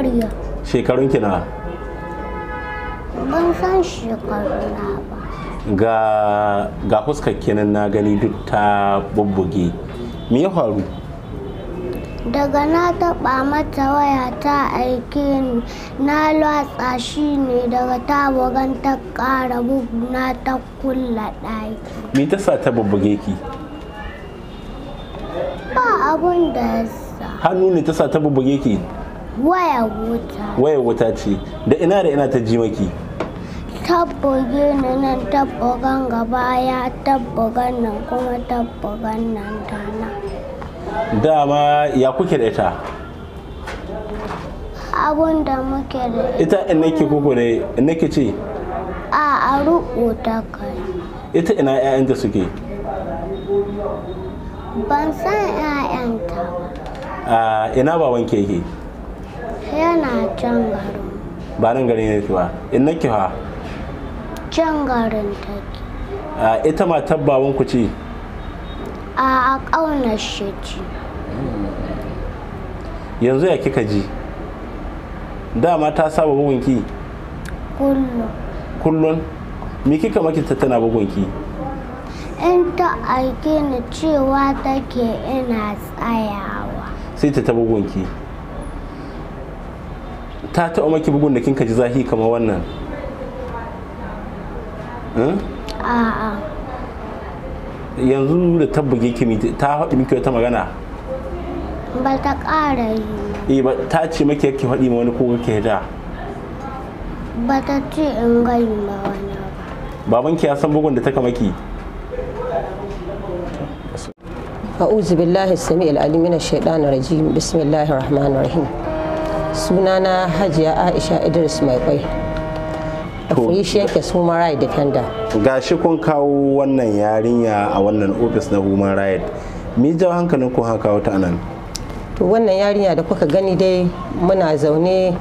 Mariya. Shekarun ki nawa? Ban san shekarun na ba. Ga ga huskar kenan na gani duk ta bubbuge. Me ya faru? Daga na taɓa mata waya ta aike ni na latsa shi ne daga tawagan ta ƙara bugu na ta kulla ɗaki. Me ta sa ta bubbuge ki? Ba abun da ya sa. Hannu ne ta sa ta bubbuge ki? waya wuta waya wuta ce da ina da ina ta ji maki tabboge na nan tabbogan gaba ya tabbogan nan kuma tabbogan nan tana. dama ya kuke da ita abun da muke da ita ina ke kuku ne ina ke ce a a rubu ta kai ita ina ta suke ban san ba. a ina ba ke yake yana can garin ba nan gari ne ba in nake fa can garin take a ita ma tabbawan ku ce a a ƙaunar shi ce yanzu ya kika ji dama ta saba bugunki kullum kullum me kika maki ta tana bugunki in ta aike ni cewa take ina tsayawa sai ta ta bugunki ta taɓa maki bugun da kinka ji zahi kamar wannan eh? a'a yanzu da tabbage buge mi ta haɗu miki wata magana ba ta ƙara yi eh, ba ta ce maki yake haɗi ma wani ko ke da ba ta ce in gani ma wani ba. ki ya san bugun da ta kama ki أعوذ بالله السميع العليم من الشيطان الرجيم بسم الله الرحمن الرحيم sunana hajiya aisha idris mai kwai appreciate the human rights defender shi kun kawo wannan yarinya a wannan ofis na human rights me jawo hankalin kun haka wata nan to wannan yarinya da kuka gani dai muna zaune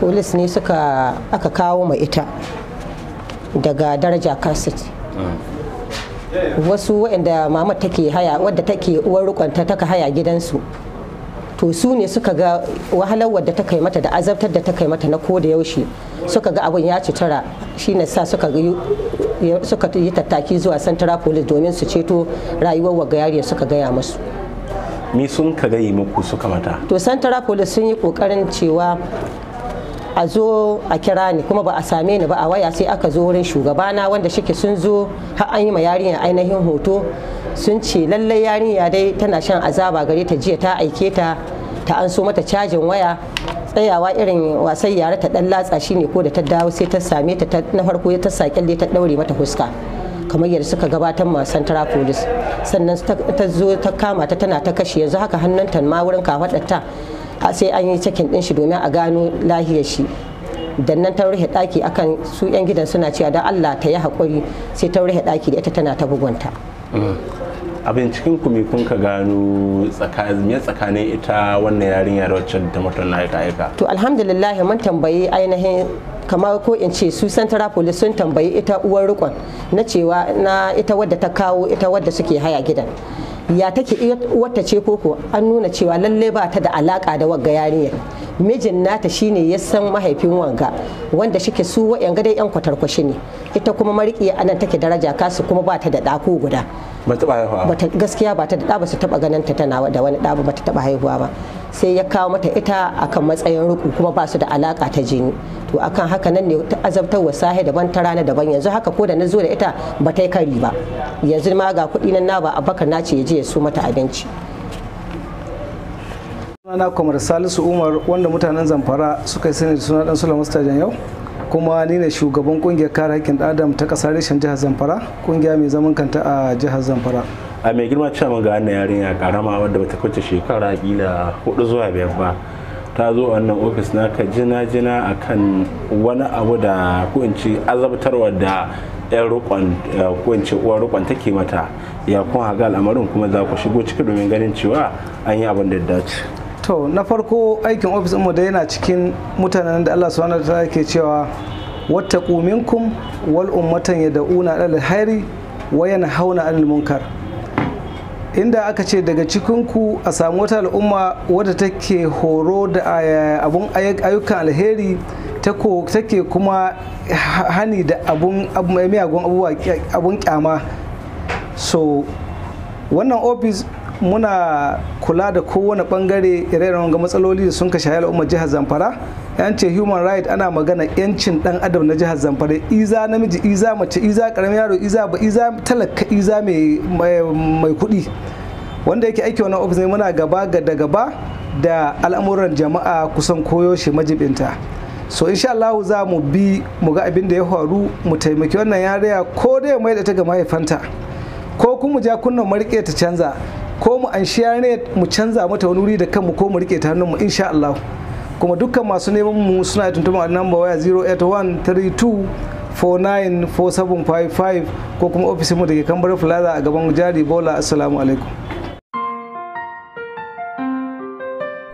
polis ne suka aka kawo mai ita daga daraja kasiti mm. wasu waɗanda mamat take haya wadda take uwar rukunta taka haya gidansu to su ne suka ga wahalar da ta kai mata da azabtar da ta kai mata na koda yaushe suka ga abin ya ci tara shi ne sa suka suka yi tattaki zuwa santara police domin su ceto rayuwar waga yariya suka gaya musu mi sun ka gayi muku suka mata to santara police sun yi kokarin cewa a zo a kira ni kuma ba a same ni ba a waya sai aka zo wurin shugabana wanda shike sun zo har an yi ma yarinya ainihin hoto sun ce lallai yarinya dai tana shan azaba gare ta jiya ta aike ta ta an so mata cajin waya tsayawa irin wasan yare ta dan latsa shi ne ko da ta dawo sai ta same ta na farko ta saƙin ta daure mata fuska kamar yadda suka gabatar ma central police sannan ta zo ta kama ta tana ta kashe yanzu haka hannunta ma wurin ta. sai an yi cikin din shi domin a gano lahiyar shi da nan ta rufe daki akan su yan gidan suna cewa dan Allah ta yi hakuri sai ta rufe daki da ita tana ta bugunta a binciken ku me kun ka gano tsakanin tsakanin ita wannan yarinya da wacce ta mutum na aika aika to alhamdulillah mun tambayi ainihin kamar ko in ce su central police sun tambayi ita uwar rikon na cewa na ita wadda ta kawo ita wadda suke haya gidan ya take wata ce koko an nuna cewa lalle ba ta da alaka da wagga yarinyar mijin nata shine ya san mahaifin wanga wanda shike su yan gadai yan kwatarkwashi ne ita kuma mariki anan take daraja kasu kuma ba ta da ɗako guda ba taba haihuwa bata gaskiya ba ta da ba su taba ganin ta tana da wani ɗa ba ta taba haihuwa ba sai ya kawo mata ita akan matsayin ruku kuma ba su da alaka ta jini to akan haka nan ne ta azabtar wa sahi daban ta rana daban yanzu haka ko da na zo da ita ba ta yi kari ba yanzu ma ga kuɗi nan na ba a abakar na ce ya je ya so mata abinci sunana kamar salisu umar wanda mutanen zamfara suka yi sani da suna dan mustajan yau kuma ni ne shugaban kungiyar kare haƙƙin adam ta ƙasar reshen jihar zamfara kungiya mai zaman kanta a jihar zamfara a mai girma cewa mun ga wannan yarinya karama wadda bata kwace shekara kila hudu zuwa biyar ba ta zo wannan ofis naka jina jina akan wani abu da ko in ce azabtarwa da yan rukon ko in ce uwar rukon take mata ya kun haga al'amarin kuma za ku shigo ciki domin ganin cewa an yi abin da dace to na farko aikin ofis mu da yana cikin mutanen da Allah subhanahu wataala ke cewa wata kuminkum wal ummatan yad'una ila alkhairi wa hauna 'anil munkar inda aka ce daga cikinku a samu wata al'umma wadda take horo da eh, abun ayyukan alheri take kuma hani da abun miyagun abubuwa abun kyama so wannan ofis muna kula da kowane bangare ire-iren ga matsaloli da sun kashe al'ummar jihar zamfara yancin human right ana magana yancin dan adam na jihar zamfara iza namiji iza mace iza karamin yaro iza ba iza talaka iza mai kuɗi wanda yake aiki wannan ofis muna gaba ga da gaba da al'amuran jama'a kusan koyo shi majibinta so insha Allah za mu bi mu ga abin da ya faru mu taimaki wannan yariya ko dai mai da ta ga mahaifanta ko kuma ja kunnan marike ta canza ko mu an ne mu canza mata wani wuri da kanmu ko mu rike ta mu insha Allah kuma dukkan masu neman mu suna tuntuma a number waya 08132494755 ko kuma ofishinmu da ke kambar plaza a gaban jari bola assalamu alaikum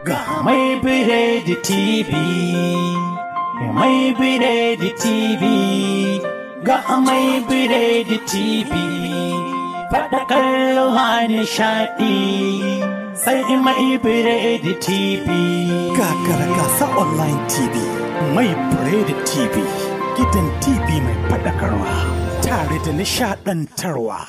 ga mai biredi tv mai biredi tv ga mai biredi tv faɗakar ruwa nishaɗi sai mai biredi TV. Kakara gasa online TV, mai biredi TV, gidan TV mai faɗakarwa tare da nishaɗantarwa.